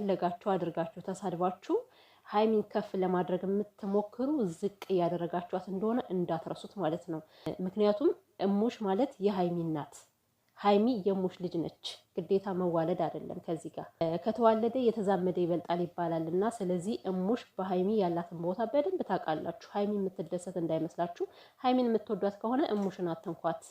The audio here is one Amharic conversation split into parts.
እንደፈለጋችሁ አድርጋችሁ ተሳድባችሁ ሀይሚን ከፍ ለማድረግ የምትሞክሩ ዝቅ እያደረጋችኋት እንደሆነ እንዳትረሱት ማለት ነው። ምክንያቱም እሙሽ ማለት የሀይሚ ናት። ሀይሚ የሙሽ ልጅ ነች። ግዴታ መዋለድ አይደለም። ከዚህ ጋር ከተዋለደ የተዛመደ ይበልጣል ይባላል እና ስለዚህ እሙሽ በሀይሚ ያላትን ቦታ በደንብ ታውቃላችሁ። ሀይሚ የምትደሰት እንዳይመስላችሁ። ሀይሚን የምትወዷት ከሆነ እሙሽን አትንኳት።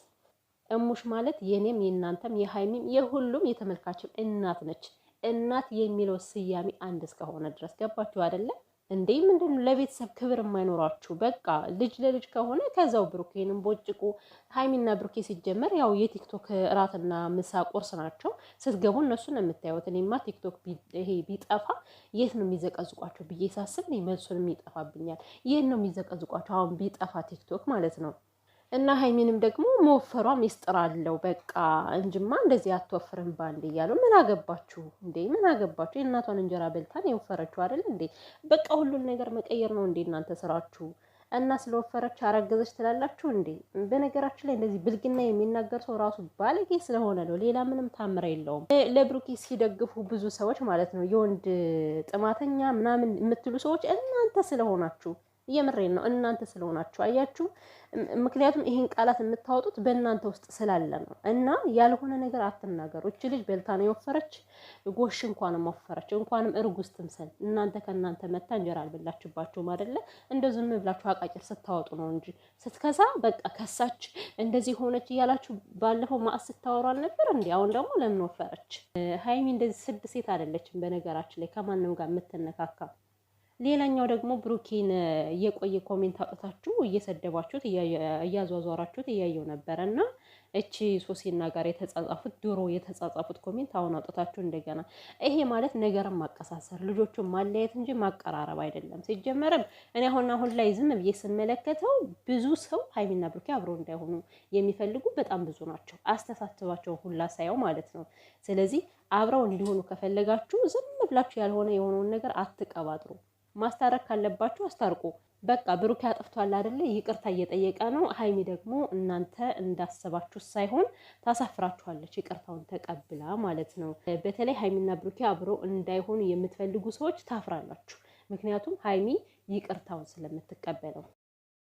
እሙሽ ማለት የኔም የእናንተም የሀይሚም የሁሉም የተመልካችም እናት ነች። እናት የሚለው ስያሜ አንድ እስከሆነ ድረስ ገባችሁ አደለ እንዴ? ምንድን ለቤተሰብ ክብር የማይኖራችሁ? በቃ ልጅ ለልጅ ከሆነ ከዛው ብሩኬንም ቦጭቁ። ሀይሚና ብሩኬ ሲጀመር ያው የቲክቶክ እራትና ምሳ ቁርስ ናቸው። ስትገቡ ነው የምታዩት። እኔማ ቲክቶክ ይሄ ቢጠፋ የት ነው የሚዘቀዝቋቸው ብዬ ሳስብ መልሱንም ይጠፋብኛል። የት ነው የሚዘቀዝቋቸው አሁን ቢጠፋ ቲክቶክ ማለት ነው። እና ሀይሚንም ደግሞ መወፈሯ ሚስጥር አለው። በቃ እንጅማ እንደዚህ አትወፍርም ባንድ እያሉ ምን አገባችሁ እንዴ? ምን አገባችሁ? የእናቷን እንጀራ በልታን የወፈረችው አይደል እንዴ? በቃ ሁሉን ነገር መቀየር ነው እንዴ እናንተ ስራችሁ? እና ስለወፈረች አረገዘች ትላላችሁ እንዴ? በነገራችን ላይ እንደዚህ ብልግና የሚናገር ሰው ራሱ ባለጌ ስለሆነ ነው። ሌላ ምንም ታምር የለውም። ለብሩኬ ሲደግፉ ብዙ ሰዎች ማለት ነው የወንድ ጥማተኛ ምናምን የምትሉ ሰዎች እናንተ ስለሆናችሁ እየምሬን ነው። እናንተ ስለሆናችሁ አያችሁ። ምክንያቱም ይህን ቃላት የምታወጡት በእናንተ ውስጥ ስላለ ነው። እና ያልሆነ ነገር አትናገሩ። እች ልጅ በልታ ነው የወፈረች፣ ጎሽ እንኳንም ወፈረች፣ እንኳንም እርጉዝ ትምሰል። እናንተ ከእናንተ መታ እንጀራ አልበላችባችሁም አይደለ? እንደ ዝም ብላችሁ አቃጭር ስታወጡ ነው እንጂ ስትከሳ በቃ ከሳች፣ እንደዚህ ሆነች እያላችሁ ባለፈው ማዕት ስታወሩ አልነበር እንዲ? አሁን ደግሞ ለምን ወፈረች? ሀይሚ እንደዚህ ስድ ሴት አይደለችም በነገራችን ላይ ከማንም ጋር የምትነካካ ሌላኛው ደግሞ ብሩኬን የቆየ ኮሜንት አውጥታችሁ እየሰደባችሁት እያዟዟራችሁት እያየው ነበረ እና እቺ ሶሲና ጋር የተጻጻፉት ድሮ የተጻጻፉት ኮሜንት አሁን አውጥታችሁ እንደገና ይሄ ማለት ነገርን ማቀሳሰር ልጆቹን ማለየት እንጂ ማቀራረብ አይደለም። ሲጀመርም እኔ አሁን አሁን ላይ ዝም ብዬ ስመለከተው ብዙ ሰው ሀይሚና ብሩኬ አብሮ እንዳይሆኑ የሚፈልጉ በጣም ብዙ ናቸው። አስተሳስባቸው ሁላ ሳየው ማለት ነው። ስለዚህ አብረው እንዲሆኑ ከፈለጋችሁ ዝም ብላችሁ ያልሆነ የሆነውን ነገር አትቀባጥሩ። ማስታረቅ ካለባችሁ አስታርቁ። በቃ ብሩኬ አጥፍቷል አይደለ? ይቅርታ እየጠየቀ ነው። ሀይሚ ደግሞ እናንተ እንዳሰባችሁ ሳይሆን ታሳፍራችኋለች፣ ይቅርታውን ተቀብላ ማለት ነው። በተለይ ሀይሚና ብሩኬ አብሮ እንዳይሆኑ የምትፈልጉ ሰዎች ታፍራላችሁ። ምክንያቱም ሀይሚ ይቅርታውን ስለምትቀበለው